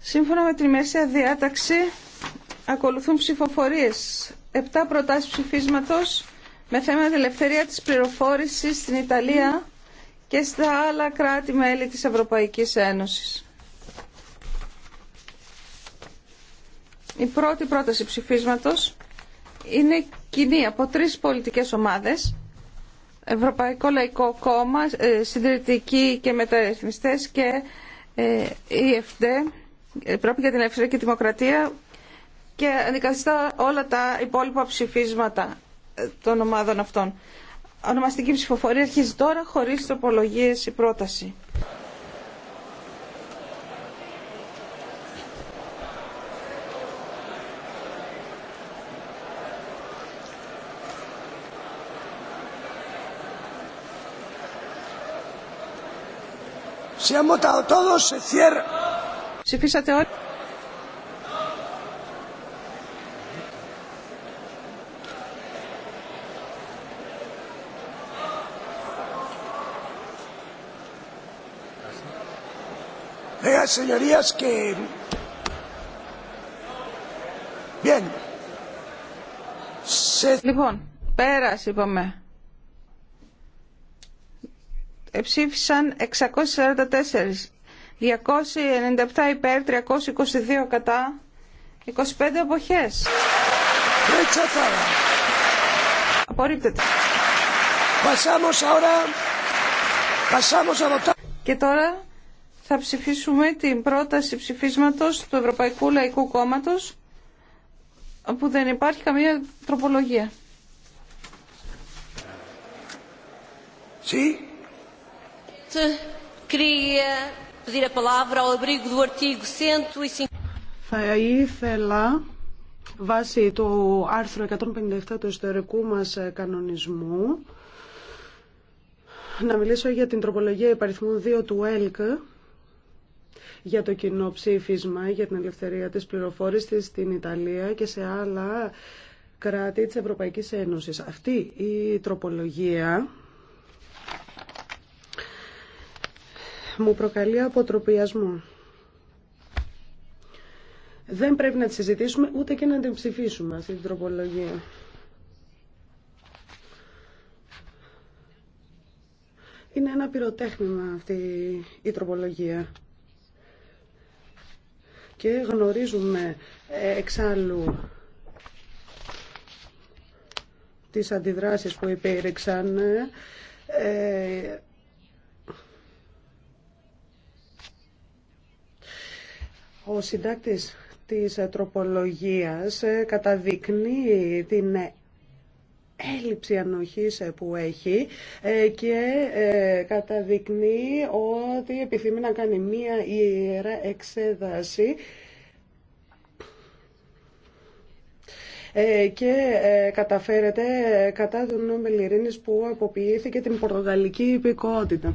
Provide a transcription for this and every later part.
Σύμφωνα με την μέσα διάταξη, ακολουθούν ψηφοφορίες. Επτά προτάσεις ψηφίσματος με θέμα την ελευθερία της πληροφόρησης στην Ιταλία και στα άλλα κράτη-μέλη της Ευρωπαϊκής Ένωσης. Η πρώτη πρόταση ψηφίσματος είναι κοινή από τρεις πολιτικές ομάδες. Ευρωπαϊκό Λαϊκό Κόμμα, ε, Συντηρητικοί και Μεταρρυθμιστές και ε, η ΕΦΤΕ, Ευρώπη για την Ελευθερία και τη Δημοκρατία και αντικαθιστά όλα τα υπόλοιπα ψηφίσματα ε, των ομάδων αυτών. Ονομαστική ψηφοφορία αρχίζει τώρα χωρίς τροπολογίες η πρόταση. Se han votado todos, se cierra. Ψηφίσατε όλοι. Vean, señorías, que... Bien. Se... Λοιπόν, πέρασε, είπαμε ψήφισαν 644, 297 υπέρ, 322 κατά, 25 εποχές. Απορρίπτεται. Και τώρα θα ψηφίσουμε την πρόταση ψηφίσματος του Ευρωπαϊκού Λαϊκού Κόμματος όπου δεν υπάρχει καμία τροπολογία. Sí. Θα ήθελα βάσει του άρθρου 157 του ιστορικού μας κανονισμού να μιλήσω για την τροπολογία υπαριθμού 2 του ΕΛΚ για το κοινό ψήφισμα για την ελευθερία της πληροφόρησης στην Ιταλία και σε άλλα κράτη της Ευρωπαϊκής Ένωσης. Αυτή η τροπολογία μου προκαλεί αποτροπιασμό. Δεν πρέπει να τη συζητήσουμε ούτε και να την ψηφίσουμε αυτή την τροπολογία. Είναι ένα πυροτέχνημα αυτή η τροπολογία. Και γνωρίζουμε ε, εξάλλου τις αντιδράσεις που υπήρξαν. Ε, Ο συντάκτης της τροπολογίας ε, καταδεικνύει την έλλειψη ανοχής ε, που έχει ε, και καταδεικνύει ότι επιθυμεί να κάνει μία ιερά εξέδαση και καταφέρεται κατά τον Νόμπελ που αποποιήθηκε την πορτογαλική υπηκότητα.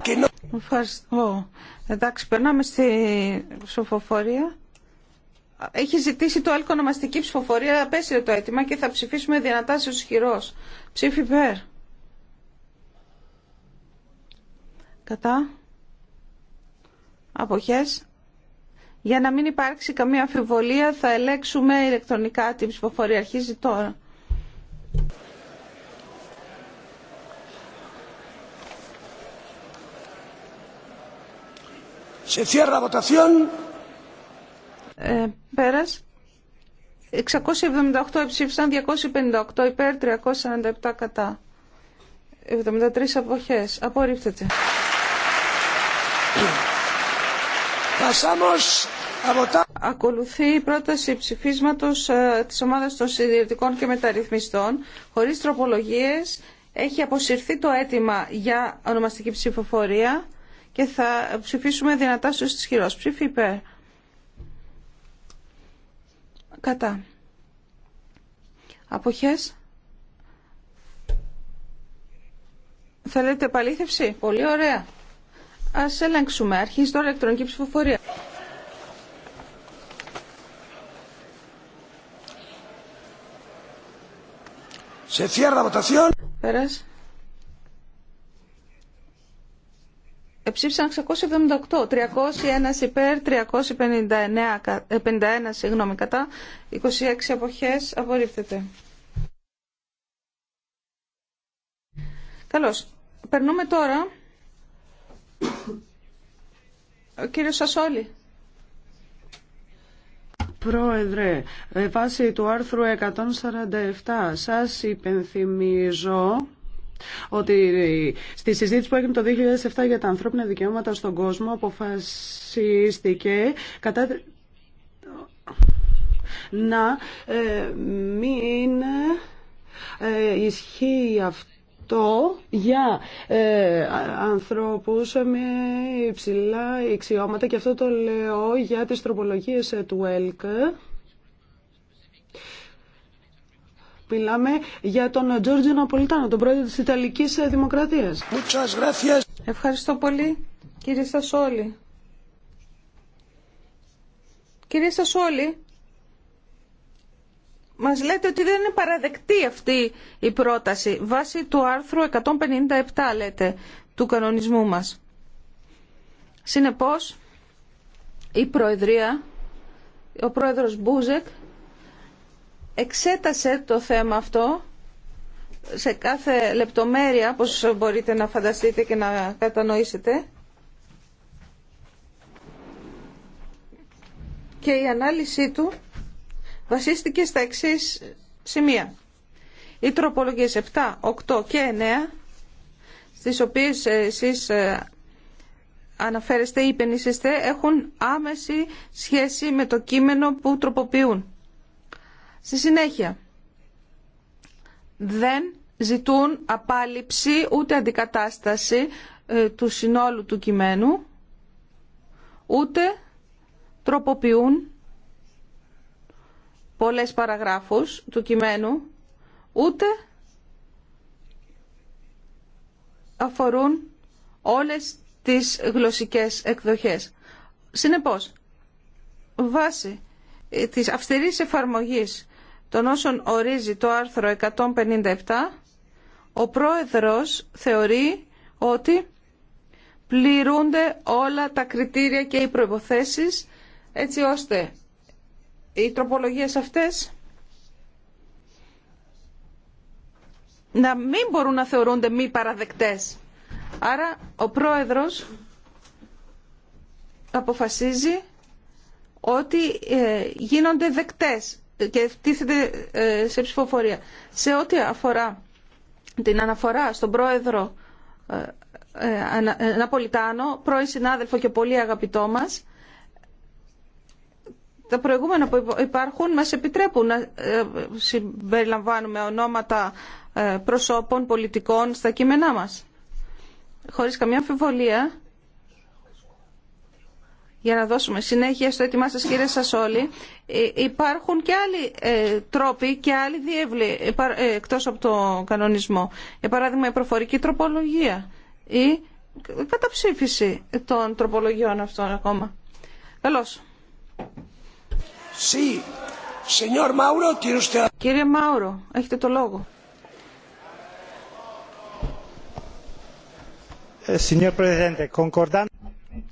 Ευχαριστώ. Εντάξει, περνάμε στη σοφοφορία έχει ζητήσει το έλκονομαστική ονομαστική ψηφοφορία, απέσυρε το αίτημα και θα ψηφίσουμε διανατάσεως χειρός. Ψήφι υπέρ. Κατά. Αποχές. Για να μην υπάρξει καμία αμφιβολία θα ελέξουμε ηλεκτρονικά την ψηφοφορία. Αρχίζει τώρα. Σε cierra votación. Ε, πέρας. 678 ψήφισαν, 258 υπέρ, 347 κατά. 73 αποχές. Απορρίφτεται Ακολουθεί η πρόταση ψηφίσματος ε, της ομάδας των συντηρητικών και μεταρρυθμιστών. Χωρίς τροπολογίες έχει αποσυρθεί το αίτημα για ονομαστική ψηφοφορία και θα ψηφίσουμε δυνατά στους χειρός. Ψήφι υπέρ κατά αποχές Θέλετε επαλήθευση. Πολύ ωραία. Ας ελέγξουμε. Αρχίζει τώρα ηλεκτρονική ψηφοφορία. Σε cierra votación. Πέρασε. ψήφισαν 678, 301 υπέρ, 359, 51 ε, συγγνώμη, κατά, 26 αποχές, απορρίφτεται. Καλώς. Περνούμε τώρα. Ο κύριος Σασόλη. Πρόεδρε, ε, βάσει του άρθρου 147, σας υπενθυμίζω ότι στη συζήτηση που έγινε το 2007 για τα ανθρώπινα δικαιώματα στον κόσμο αποφασίστηκε κατά να ε, μην ε, ισχύει αυτό για ε, ανθρώπους με υψηλά εξιώματα και αυτό το λέω για τις τροπολογίες του ΕΛΚ Μιλάμε για τον Τζόρτζο Ναπολιτάνο, τον πρόεδρο της Ιταλικής Δημοκρατίας. Ευχαριστώ πολύ, κύριε Σασόλη. Κύριε Σασόλη, μας λέτε ότι δεν είναι παραδεκτή αυτή η πρόταση βάσει του άρθρου 157 λέτε του κανονισμού μας. Συνεπώς η Προεδρία, ο Πρόεδρος Μπούζεκ εξέτασε το θέμα αυτό σε κάθε λεπτομέρεια, όπως μπορείτε να φανταστείτε και να κατανοήσετε. Και η ανάλυση του βασίστηκε στα εξής σημεία. Οι τροπολογίες 7, 8 και 9, στις οποίες εσείς ε, αναφέρεστε ή υπενήσεστε, έχουν άμεση σχέση με το κείμενο που τροποποιούν. Στη συνέχεια, δεν ζητούν απάλληψη ούτε αντικατάσταση ε, του συνόλου του κειμένου, ούτε τροποποιούν πολλές παραγράφους του κειμένου, ούτε αφορούν όλες τις γλωσσικές εκδοχές. Συνεπώς, βάσει ε, της αυστηρής εφαρμογής των όσων ορίζει το άρθρο 157, ο πρόεδρος θεωρεί ότι πληρούνται όλα τα κριτήρια και οι προϋποθέσεις έτσι ώστε οι τροπολογίες αυτές να μην μπορούν να θεωρούνται μη παραδεκτές. Άρα ο πρόεδρος αποφασίζει ότι ε, γίνονται δεκτές και τίθεται ε, σε ψηφοφορία. Σε ό,τι αφορά την αναφορά στον πρόεδρο ε, ε, Ναπολιτάνο, πρώην συνάδελφο και πολύ αγαπητό μας, τα προηγούμενα που υπάρχουν μας επιτρέπουν να συμπεριλαμβάνουμε ονόματα προσώπων πολιτικών στα κείμενά μας. Χωρίς καμία αμφιβολία, για να δώσουμε συνέχεια στο έτοιμά σας κύριε Σασόλη, ε, υπάρχουν και άλλοι ε, τρόποι και άλλοι διεύλοι ε, εκτός από το κανονισμό. Για παράδειγμα η προφορική τροπολογία ή καταψήφιση των τροπολογιών αυτών ακόμα. Καλώς. Sí. Señor Mauro, tiene usted... Κύριε Μάουρο, έχετε το λόγο.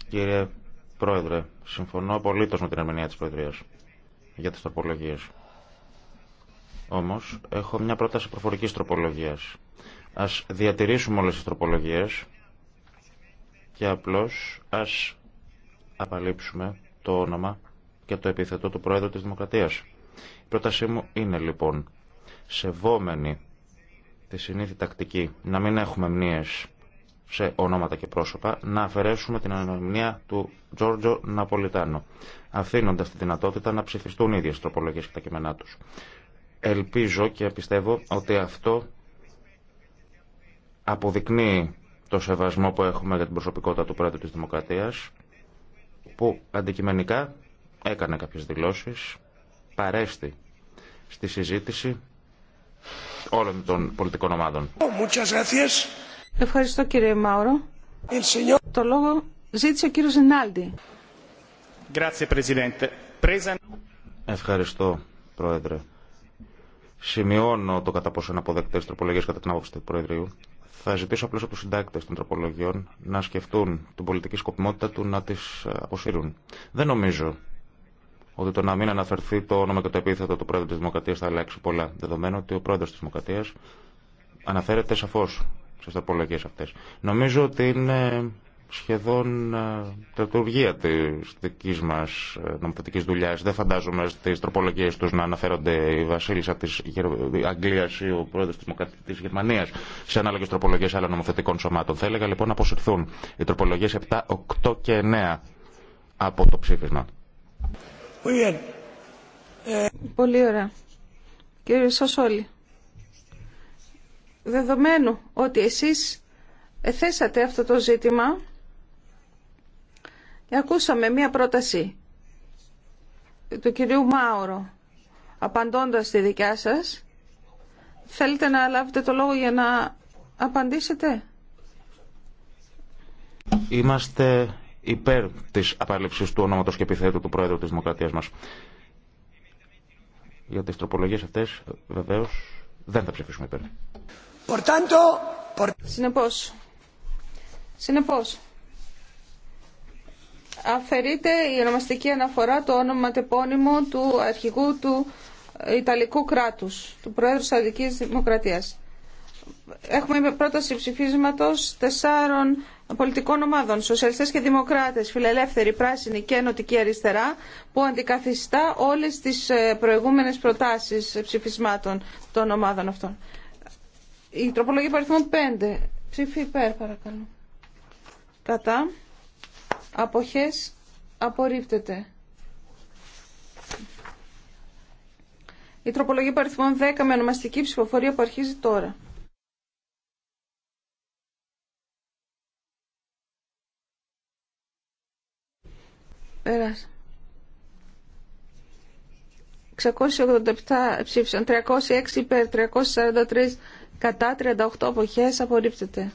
Κύριε Πρόεδρε, συμφωνώ απολύτω με την ερμηνεία τη Προεδρία για τι τροπολογίε. Όμω, έχω μια πρόταση προφορική τροπολογία. Α διατηρήσουμε όλε τι τροπολογίε και απλώ α απαλείψουμε το όνομα και το επίθετο του Πρόεδρου της Δημοκρατίας. Η πρότασή μου είναι λοιπόν σεβόμενη τη συνήθεια τακτική να μην έχουμε μνήες σε ονόματα και πρόσωπα, να αφαιρέσουμε την ανωνυμία του Τζόρτζο Ναπολιτάνο, αφήνοντα τη δυνατότητα να ψηφιστούν οι ίδιε τροπολογίε και τα κείμενά του. Ελπίζω και πιστεύω ότι αυτό αποδεικνύει το σεβασμό που έχουμε για την προσωπικότητα του Πρόεδρου της Δημοκρατίας, που αντικειμενικά έκανε κάποιες δηλώσεις, παρέστη στη συζήτηση όλων των πολιτικών ομάδων. Ευχαριστώ κύριε Μάουρο. Το λόγο ζήτησε ο κύριο Ρινάλντι. Ευχαριστώ, Πρόεδρε. Σημειώνω το κατά πόσο είναι αποδεκτέ τροπολογίε κατά την άποψη του Προεδρείου. Θα ζητήσω απλώ από του συντάκτε των τροπολογιών να σκεφτούν την πολιτική σκοπιμότητα του να τι ε, αποσύρουν. Δεν νομίζω ότι το να μην αναφερθεί το όνομα και το επίθετο του Πρόεδρου τη Δημοκρατία θα αλλάξει πολλά. Δεδομένου ότι ο Πρόεδρο τη Δημοκρατία αναφέρεται σαφώ στις τροπολογίε αυτές. Νομίζω ότι είναι σχεδόν ε, τετουργία της δικής μας ε, νομοθετικής δουλειάς. Δεν φαντάζομαι στις τροπολογίες τους να αναφέρονται η βασίλισσα της Αγγλίας ή ο πρόεδρος της της Γερμανίας σε ανάλογες τροπολογίες άλλων νομοθετικών σωμάτων. Θα έλεγα λοιπόν να αποσυρθούν οι τροπολογίες 7, 8 και 9 από το ψήφισμα. Πολύ ωραία. Ε, Κύριε Σασόλη δεδομένου ότι εσείς θέσατε αυτό το ζήτημα και ακούσαμε μία πρόταση του κυρίου Μάουρο απαντώντας τη δικιά σας θέλετε να λάβετε το λόγο για να απαντήσετε Είμαστε υπέρ της απάλληψης του ονόματος και επιθέτου του Πρόεδρου της Δημοκρατίας μας για τις τροπολογίες αυτές βεβαίως δεν θα ψηφίσουμε υπέρ Συνεπώς, αφαιρείται η ονομαστική αναφορά το όνομα τεπώνυμο του αρχηγού του Ιταλικού κράτους, του Προέδρου της Ιταλικής Δημοκρατίας. Έχουμε πρόταση ψηφίσματος τεσσάρων πολιτικών ομάδων, σοσιαλιστές και δημοκράτες, φιλελεύθεροι, πράσινοι και ενωτικοί αριστερά, που αντικαθιστά όλες τις ε, προηγούμενες προτάσεις ψηφισμάτων των ομάδων αυτών. Η τροπολογία παριθμών 5. Ψήφι υπέρ παρακαλώ. Κατά. Αποχές απορρίπτεται. Η τροπολογία παριθμών 10 με ονομαστική ψηφοφορία που αρχίζει τώρα. Περάσα. 687 ψήφισαν, 306 υπέρ, 343 κατά 38 εποχές απορρίπτεται.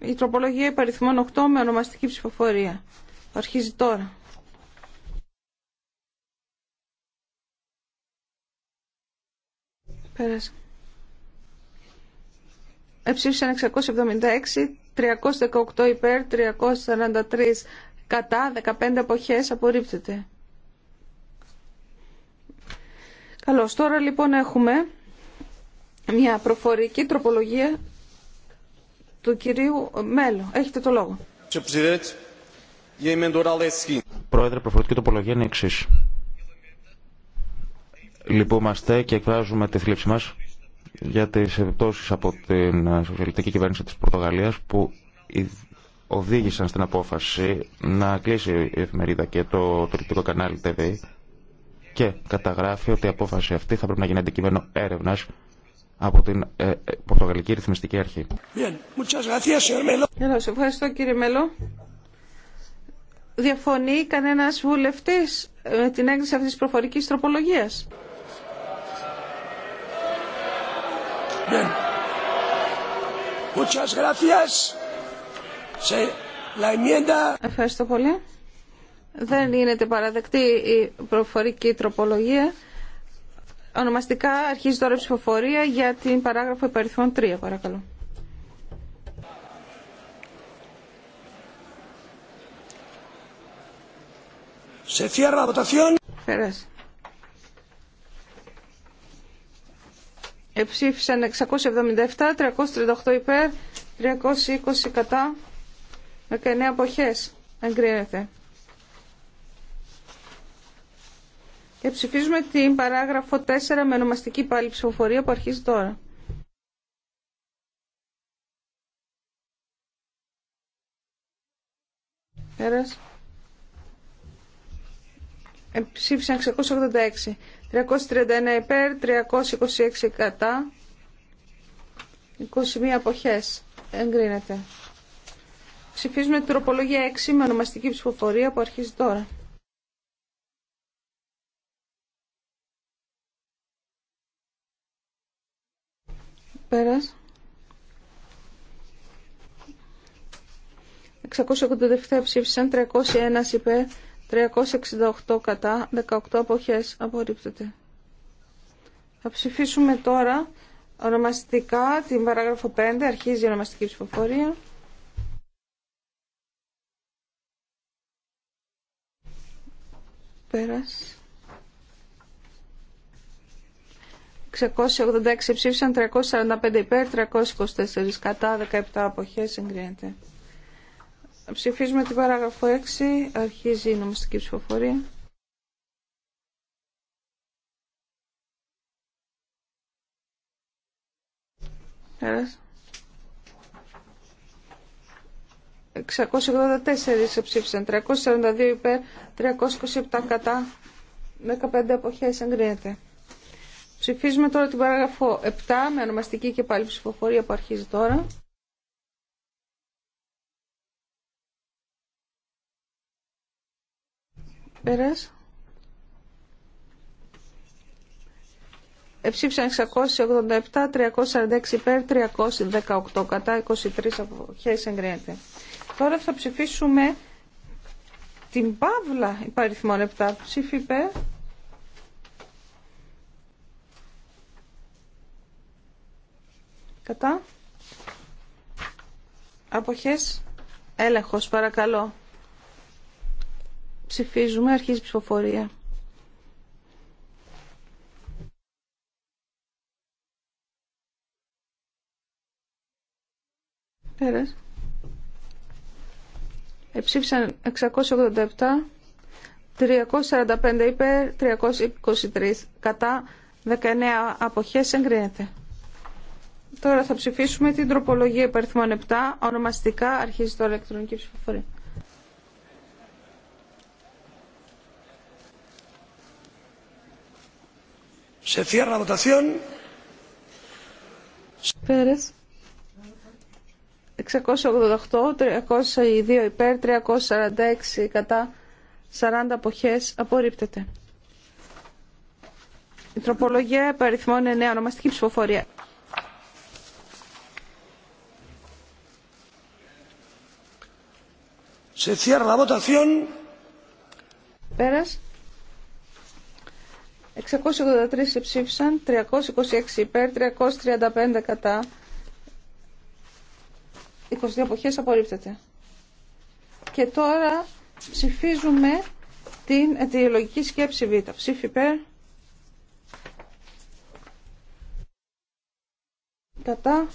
Η τροπολογία υπαριθμών 8 με ονομαστική ψηφοφορία. Αρχίζει τώρα. Πέρασε. Εψήφισαν 676, 318 υπέρ, 343 κατά, 15 εποχές απορρίπτεται. Καλώς, τώρα λοιπόν έχουμε μια προφορική τροπολογία του κυρίου Μέλλο. Έχετε το λόγο. E Πρόεδρε, προφορική τροπολογία είναι εξή. Λυπούμαστε και εκφράζουμε τη θλίψη μας για τις επιπτώσεις από την σοσιαλιστική κυβέρνηση της Πορτογαλίας που οδήγησαν στην απόφαση να κλείσει η εφημερίδα και το τουριστικό κανάλι TV και καταγράφει ότι η απόφαση αυτή θα πρέπει να γίνει αντικείμενο έρευνας από την ε, ε, Πορτογαλική Ρυθμιστική Αρχή. Σας ευχαριστώ κύριε Μελό. Διαφωνεί κανένας βουλευτής με την έγκριση αυτής της προφορικής τροπολογίας. Ευχαριστώ πολύ. Δεν γίνεται παραδεκτή η προφορική τροπολογία. Ονομαστικά αρχίζει τώρα η ψηφοφορία για την παράγραφο υπαριθμών 3, παρακαλώ. Σε Εψήφισαν 677, 338 υπέρ, 320 κατά, 19 αποχές. Εγκρίνεται. Και ψηφίζουμε την παράγραφο 4 με ονομαστική πάλι ψηφοφορία που αρχίζει τώρα. Πέρας. Ε, ψήφισαν 686. 331 υπέρ, 326 κατά, 21 αποχές. Εγκρίνεται. Ψηφίζουμε τροπολογία 6 με ονομαστική ψηφοφορία που αρχίζει τώρα. Πέρας. 687 ψήφισαν, 301 είπε, 368 κατά, 18 αποχές απορρίπτεται. Θα ψηφίσουμε τώρα ονομαστικά την παράγραφο 5, αρχίζει η ονομαστική ψηφοφορία. Πέρας. 686 ψήφισαν, 345 υπέρ, 324 κατά, 17 αποχές εγκρίνεται. Ψηφίζουμε την παράγραφο 6, αρχίζει η νομιστική ψηφοφορία. 684 ψήφισαν, 342 υπέρ, 327 κατά, 15 αποχές εγκρίνεται. Ψηφίζουμε τώρα την παράγραφο 7 με ονομαστική και πάλι ψηφοφορία που αρχίζει τώρα. Πέρας. Εψήφισαν 687, 346 υπέρ, 318 κατά, 23 αποχές εγκρίνεται. Τώρα θα ψηφίσουμε την Παύλα υπαριθμών 7 ψήφι υπέρ. Κατά. Αποχές. Έλεγχος παρακαλώ. Ψηφίζουμε. Αρχίζει η ψηφοφορία. Πέρας. Εψήφισαν 687, 345 υπέρ, 323 κατά, 19 αποχές εγκρίνεται. Τώρα θα ψηφίσουμε την τροπολογία υπαριθμών 7. Ονομαστικά αρχίζει το ηλεκτρονική ψηφοφορία. Σε cierra 688, 302 υπέρ, 346 κατά, 40 αποχές. Απορρίπτεται. Η τροπολογία υπαριθμών 9. Ονομαστική ψηφοφορία. Se cierra la votación. Πέρας. 683 ψήφισαν, 326 υπέρ, 335 κατά. 22 εποχές απορρίπτεται. Και τώρα ψηφίζουμε την αιτιολογική σκέψη Β. Ψήφι υπέρ. Κατά.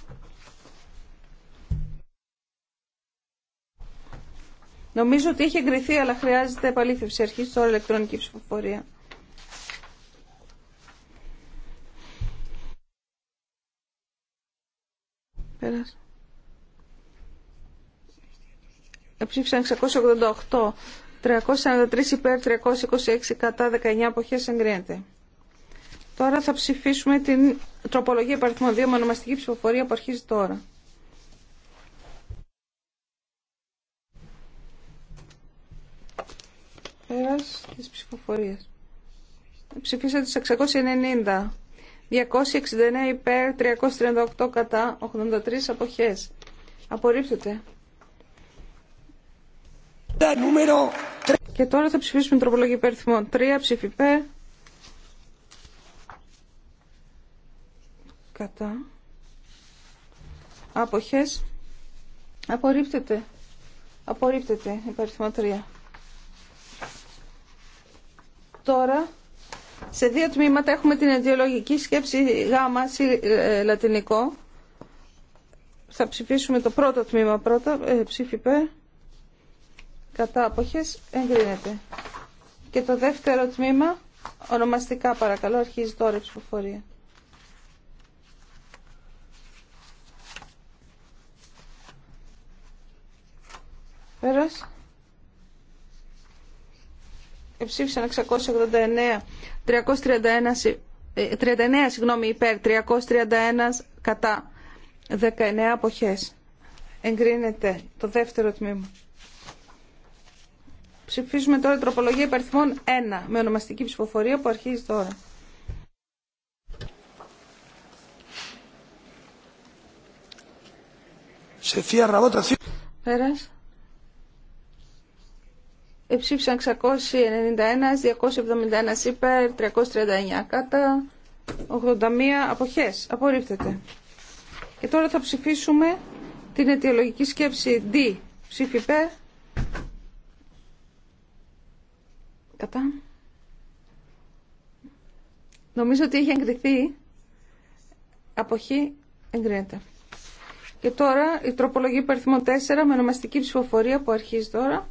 Νομίζω ότι έχει εγκριθεί, αλλά χρειάζεται επαλήθευση. Αρχίζει τώρα ηλεκτρονική ψηφοφορία. Πέρασε. Ψήφισαν 688, 343 υπέρ, 326 κατά, 19 αποχές εγκρίνεται. Τώρα θα ψηφίσουμε την τροπολογία υπαριθμών 2 με ονομαστική ψηφοφορία που αρχίζει τώρα. της ψηφοφορίας. Ψηφίσατε στι 690. 269 υπέρ, 338 κατά, 83 αποχές. Απορρίπτεται. Και τώρα θα ψηφίσουμε τροπολογία υπέρ 3 ψήφι υπέρ. Κατά. Αποχές. Απορρίπτεται. Απορρίπτεται υπερθυμό 3. Τώρα, σε δύο τμήματα έχουμε την αιτιολογική σκέψη γάμα, ε, λατινικό. Θα ψηφίσουμε το πρώτο τμήμα πρώτα, ε, Κατά αποχές εγκρίνεται. Και το δεύτερο τμήμα, ονομαστικά παρακαλώ, αρχίζει τώρα η ψηφοφορία. Πέρας ψήφισαν 689, 331, 39 συγγνώμη, υπέρ, 331 κατά 19 αποχές. Εγκρίνεται το δεύτερο τμήμα. Ψηφίζουμε τώρα τροπολογία υπαριθμών 1 με ονομαστική ψηφοφορία που αρχίζει τώρα. Σε θεία Πέρας. Εψήφισαν 691, 271 υπέρ, 339 κατά, 81 αποχές. Απορρίφτεται. Και τώρα θα ψηφίσουμε την αιτιολογική σκέψη D. Ψήφι υπέρ. Κατά. Νομίζω ότι έχει εγκριθεί. Αποχή εγκρίνεται. Και τώρα η τροπολογία 4 με ονομαστική ψηφοφορία που αρχίζει τώρα.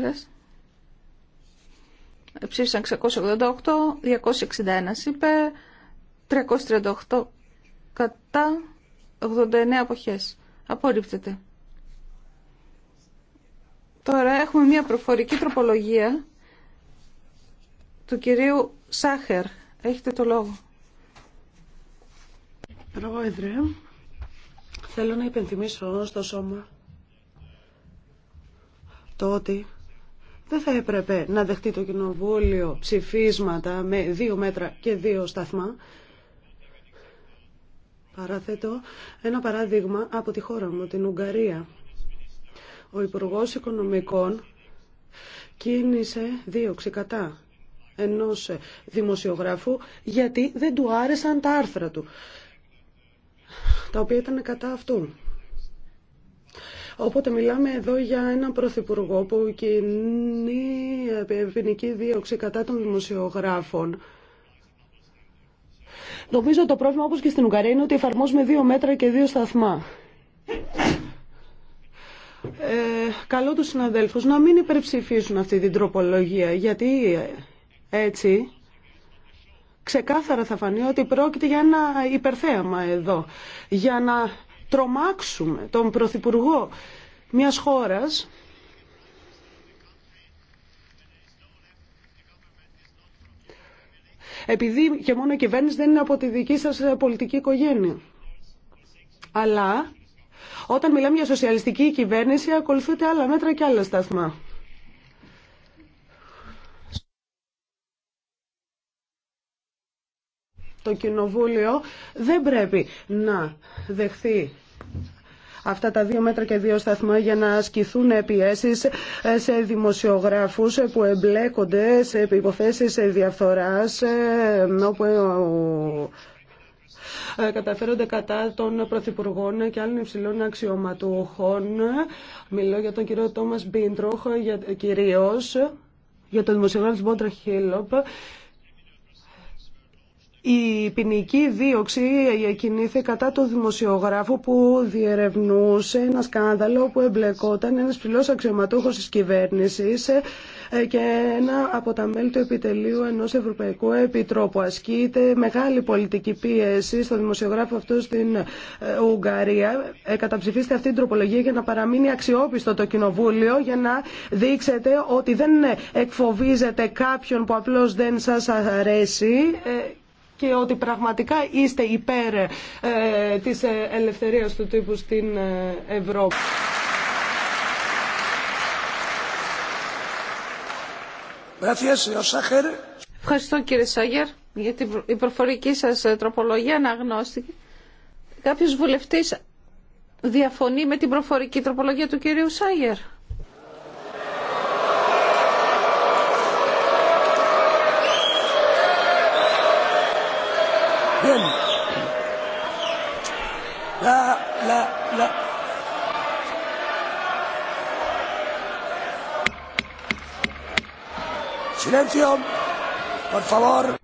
Πέρας. Ψήφισαν 688, 261 είπε 338 κατά, 89 αποχές. Απορρίπτεται. Τώρα έχουμε μια προφορική τροπολογία του κυρίου Σάχερ. Έχετε το λόγο. Πρόεδρε, θέλω να υπενθυμίσω στο σώμα το ότι δεν θα έπρεπε να δεχτεί το Κοινοβούλιο ψηφίσματα με δύο μέτρα και δύο σταθμά. Παραθέτω ένα παράδειγμα από τη χώρα μου, την Ουγγαρία. Ο Υπουργός Οικονομικών κίνησε δίωξη κατά ενός δημοσιογράφου γιατί δεν του άρεσαν τα άρθρα του, τα οποία ήταν κατά αυτού. Οπότε μιλάμε εδώ για έναν πρωθυπουργό που κινεί ποινική δίωξη κατά των δημοσιογράφων. Νομίζω το πρόβλημα όπως και στην Ουγγαρία είναι ότι εφαρμόζουμε δύο μέτρα και δύο σταθμά. Ε, καλό τους συναδέλφους να μην υπερψηφίσουν αυτή την τροπολογία γιατί ε, έτσι ξεκάθαρα θα φανεί ότι πρόκειται για ένα υπερθέαμα εδώ για να τρομάξουμε τον Πρωθυπουργό μιας χώρας επειδή και μόνο η κυβέρνηση δεν είναι από τη δική σας πολιτική οικογένεια. Αλλά όταν μιλάμε για σοσιαλιστική κυβέρνηση ακολουθούνται άλλα μέτρα και άλλα σταθμά. Το Κοινοβούλιο δεν πρέπει να δεχθεί αυτά τα δύο μέτρα και δύο σταθμά για να ασκηθούν πιέσει ε, σε δημοσιογράφου που εμπλέκονται σε υποθέσεις διαφθορά ε, όπου ε, καταφέρονται κατά των πρωθυπουργών και άλλων υψηλών αξιωματούχων. Μιλώ για τον κύριο Τόμας Μπίντροχ, κυρίως για τον δημοσιογράφο Μπόντρα Χίλοπ η ποινική δίωξη κινήθηκε κατά του δημοσιογράφου που διερευνούσε ένα σκάνδαλο που εμπλεκόταν ένας ψηλός αξιωματούχος της κυβέρνησης ε, και ένα από τα μέλη του επιτελείου ενός Ευρωπαϊκού Επιτρόπου. Ασκείται μεγάλη πολιτική πίεση στο δημοσιογράφο αυτό στην ε, Ουγγαρία. Ε, καταψηφίστε αυτή την τροπολογία για να παραμείνει αξιόπιστο το κοινοβούλιο για να δείξετε ότι δεν εκφοβίζετε κάποιον που απλώς δεν σας αρέσει και ότι πραγματικά είστε υπέρ ε, της ε, ελευθερίας του τύπου στην ε, Ευρώπη. Ευχαριστώ κύριε Σάγερ για την προφορική σας τροπολογία αναγνώστηκε. Κάποιος βουλευτής διαφωνεί με την προφορική τροπολογία του κύριου Σάγερ.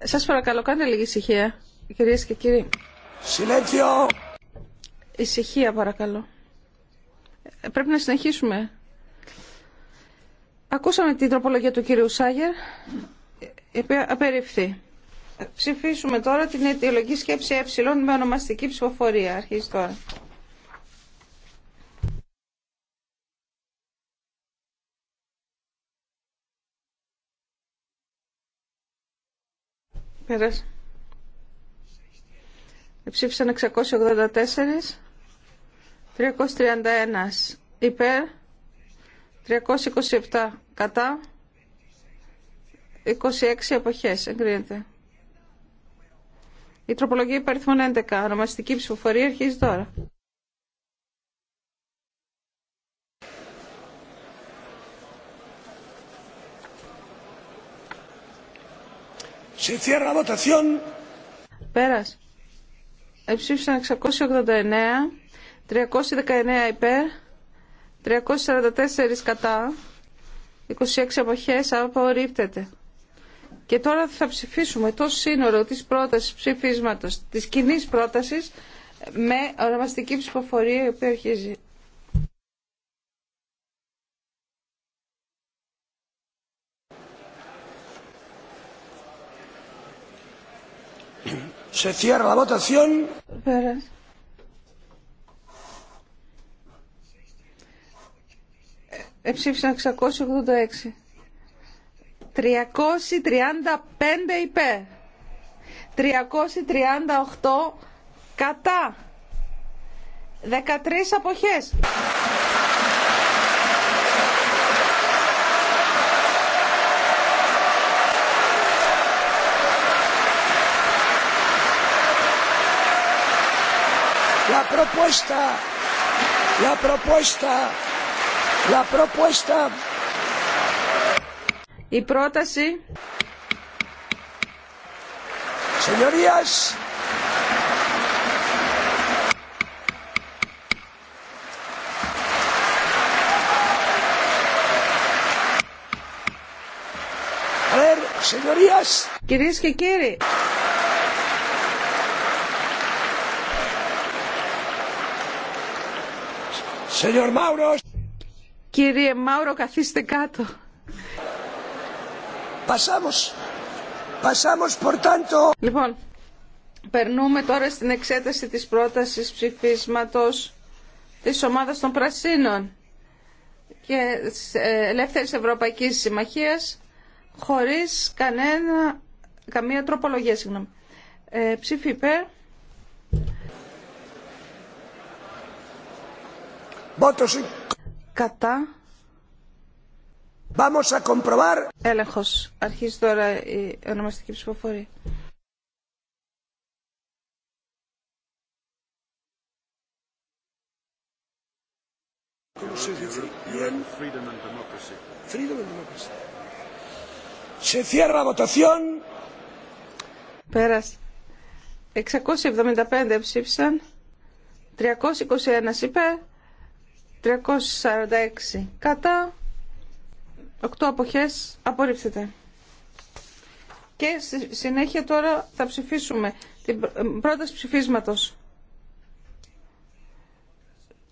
Σας παρακαλώ, κάντε λίγη ησυχία, κυρίες και κύριοι. Silencio. Ησυχία, παρακαλώ. Ε, πρέπει να συνεχίσουμε. Ακούσαμε την τροπολογία του κύριου Σάγερ, η οποία απεριφθεί. Ψηφίσουμε τώρα την αιτιολογική σκέψη ε με ονομαστική ψηφοφορία. Αρχίζει τώρα. Πέρας. Ψήφισαν 684. 331 υπέρ. 327 κατά. 26 εποχές. Εγκρίνεται. Η τροπολογία υπαριθμών 11. Ονομαστική ψηφοφορία αρχίζει τώρα. Σε cierra Πέρας. Εψήφισαν 689, 319 υπέρ, 344 κατά, 26 αποχές, απορρίπτεται. Και τώρα θα ψηφίσουμε το σύνορο της πρότασης ψηφίσματος, της κοινή πρότασης, με ονομαστική ψηφοφορία η οποία αρχίζει. Se cierra la votación. Πέρα. 686. 335 υπέρ. 338 κατά. 13 αποχές. propuesta, la propuesta, la propuesta. Η πρόταση. Señorías, A ver, señorías. Κυρίες και κύριοι, Κύριε Μάουρο, καθίστε κάτω. Λοιπόν, περνούμε τώρα στην εξέταση της πρότασης ψηφίσματος της ομάδας των Πρασίνων και της ε, Ελεύθερης Ευρωπαϊκής Συμμαχίας χωρίς καμία τροπολογία. Συγγνώμη. Ε, ψήφι υπέρ. κατά Vamos a Έλεγχος. Αρχίζει τώρα η ονομαστική ψηφοφορία. Σε Πέρασε. 675 ψήφισαν. 321 είπε. 346 κατά 8 αποχές απορρίψετε. Και στη συνέχεια τώρα θα ψηφίσουμε την ε, πρόταση ψηφίσματος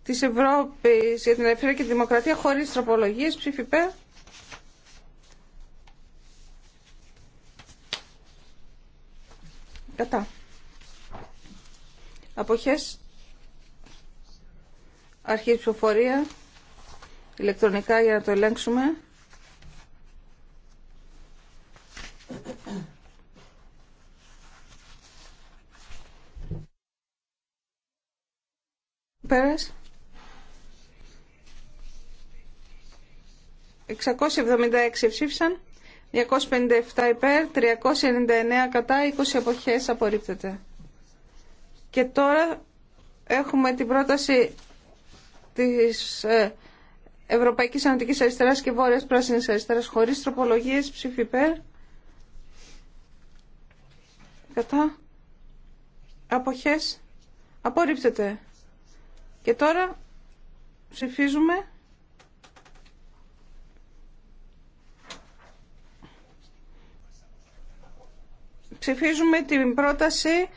της Ευρώπης για την Ελευθερία και τη Δημοκρατία χωρίς τροπολογίες ψηφιπέ. Κατά. Αποχές Αρχή ψηφοφορία. Ηλεκτρονικά για να το ελέγξουμε. Πέρας. 676 ψήφισαν, 257 υπέρ, 399 κατά, 20 εποχές απορρίπτεται. Και τώρα έχουμε την πρόταση της ε, Ευρωπαϊκής Ανατικής Αριστεράς και Βόρειας Πράσινης Αριστεράς χωρίς τροπολογίες ψήφι Κατά. Αποχές. Απορρίπτεται. Και τώρα ψηφίζουμε ψηφίζουμε την πρόταση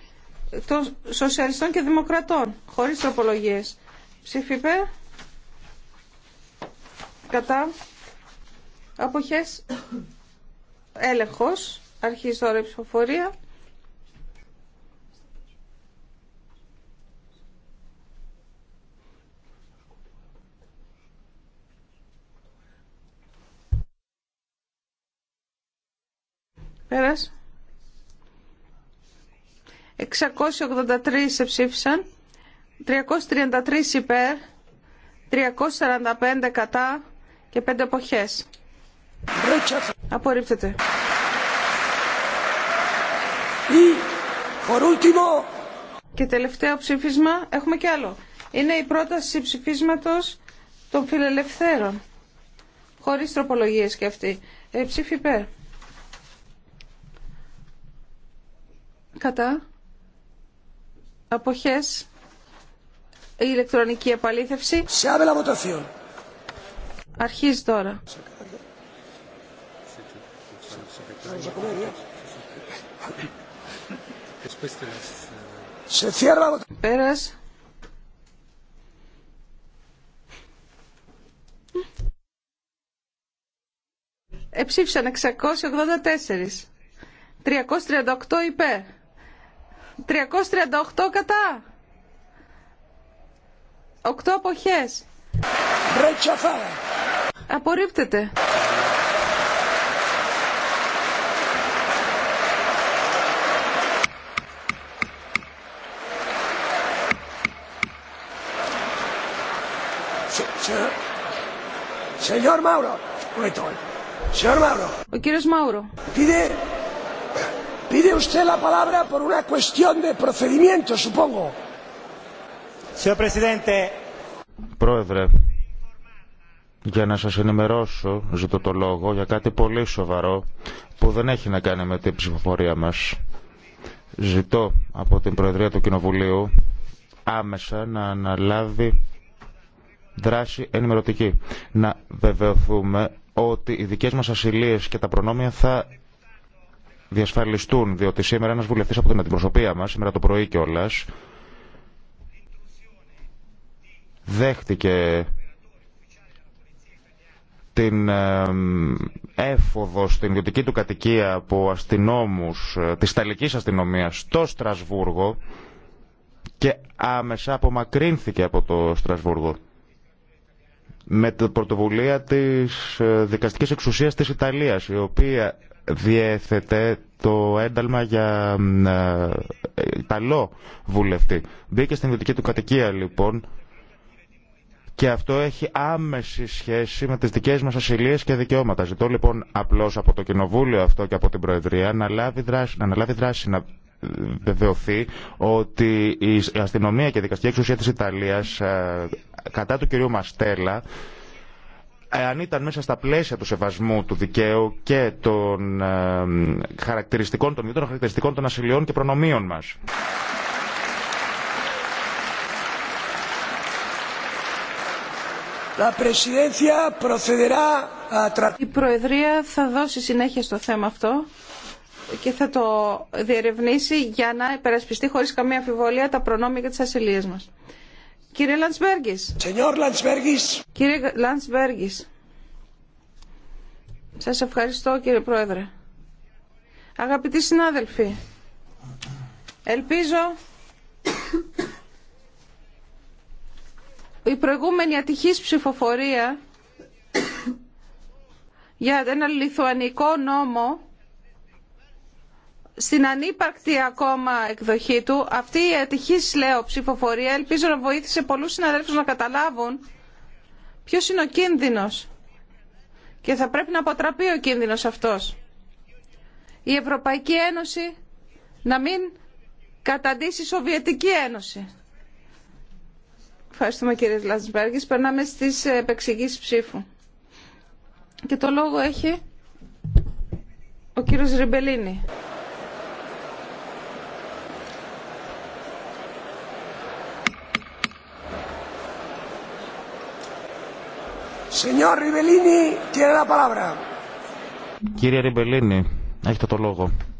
των σοσιαλιστών και δημοκρατών, χωρίς τροπολογίες. Ψήφιπε. Κατά. Αποχές. Έλεγχος. αρχής τώρα η ψηφοφορία. Πέρας. 683 σε ψήφισαν. 333 υπέρ, 345 κατά και 5 εποχές. Απορρίπτεται. Και τελευταίο ψήφισμα, έχουμε και άλλο. Είναι η πρόταση ψηφίσματος των φιλελευθέρων. Χωρίς τροπολογίες και αυτή. Ε, ψήφι υπέρ. Κατά. Αποχές η ηλεκτρονική επαλήθευση. Αρχίζει τώρα. Σε Πέρας. Εψήφισαν 684. 338 υπέρ. 338 κατά. Οκτώ αποχές. Ρετσαφάδα. Απορρίπτεται. Señor Mauro, Señor Mauro. Ο κύριος mauro. Pide, pide usted la palabra por una cuestión de procedimiento, supongo. Πρόεδρε, για να σας ενημερώσω, ζητώ το λόγο, για κάτι πολύ σοβαρό που δεν έχει να κάνει με την ψηφοφορία μας. Ζητώ από την Προεδρία του Κοινοβουλίου άμεσα να αναλάβει δράση ενημερωτική. Να βεβαιωθούμε ότι οι δικές μας ασυλίες και τα προνόμια θα διασφαλιστούν, διότι σήμερα ένας βουλευτής από την αντιπροσωπεία μας, σήμερα το πρωί κιόλας, δέχτηκε την έφοδο στην ιδιωτική του κατοικία από αστυνόμους ε, της Ιταλικής αστυνομίας στο Στρασβούργο και άμεσα απομακρύνθηκε από το Στρασβούργο με την πρωτοβουλία της ε, δικαστικής εξουσίας της Ιταλίας η οποία διέθετε το ένταλμα για ε, Ιταλό βουλευτή. Μπήκε στην ιδιωτική του κατοικία λοιπόν και αυτό έχει άμεση σχέση με τι δικέ μα ασυλίε και δικαιώματα. Ζητώ λοιπόν απλώ από το Κοινοβούλιο αυτό και από την Προεδρία να, λάβει δράση, να αναλάβει δράση, να βεβαιωθεί ότι η αστυνομία και η δικαστική εξουσία τη Ιταλία ε, κατά του κυρίου Μαστέλα ε, αν ήταν μέσα στα πλαίσια του σεβασμού του δικαίου και των ε, χαρακτηριστικών των χαρακτηριστικών των ασυλιών και προνομίων μας. Η Προεδρία θα δώσει συνέχεια στο θέμα αυτό και θα το διερευνήσει για να υπερασπιστεί χωρίς καμία αμφιβολία τα προνόμια και τις ασυλίες μας. Κύριε Λαντσμπέργκης. Κύριε Λαντσμπέργκης. Σας ευχαριστώ κύριε Πρόεδρε. Αγαπητοί συνάδελφοι, ελπίζω η προηγούμενη ατυχής ψηφοφορία για ένα λιθουανικό νόμο στην ανύπαρκτη ακόμα εκδοχή του αυτή η ατυχής λέω ψηφοφορία ελπίζω να βοήθησε πολλούς συναδέλφους να καταλάβουν ποιος είναι ο κίνδυνος και θα πρέπει να αποτραπεί ο κίνδυνος αυτός η Ευρωπαϊκή Ένωση να μην καταντήσει η Σοβιετική Ένωση Ευχαριστούμε κύριε Λαντσμπέργης. Περνάμε στις επεξηγήσεις ψήφου. Και το λόγο έχει ο κύριος Ριμπελίνη. Κύριε Ριμπελίνη, έχετε το λόγο.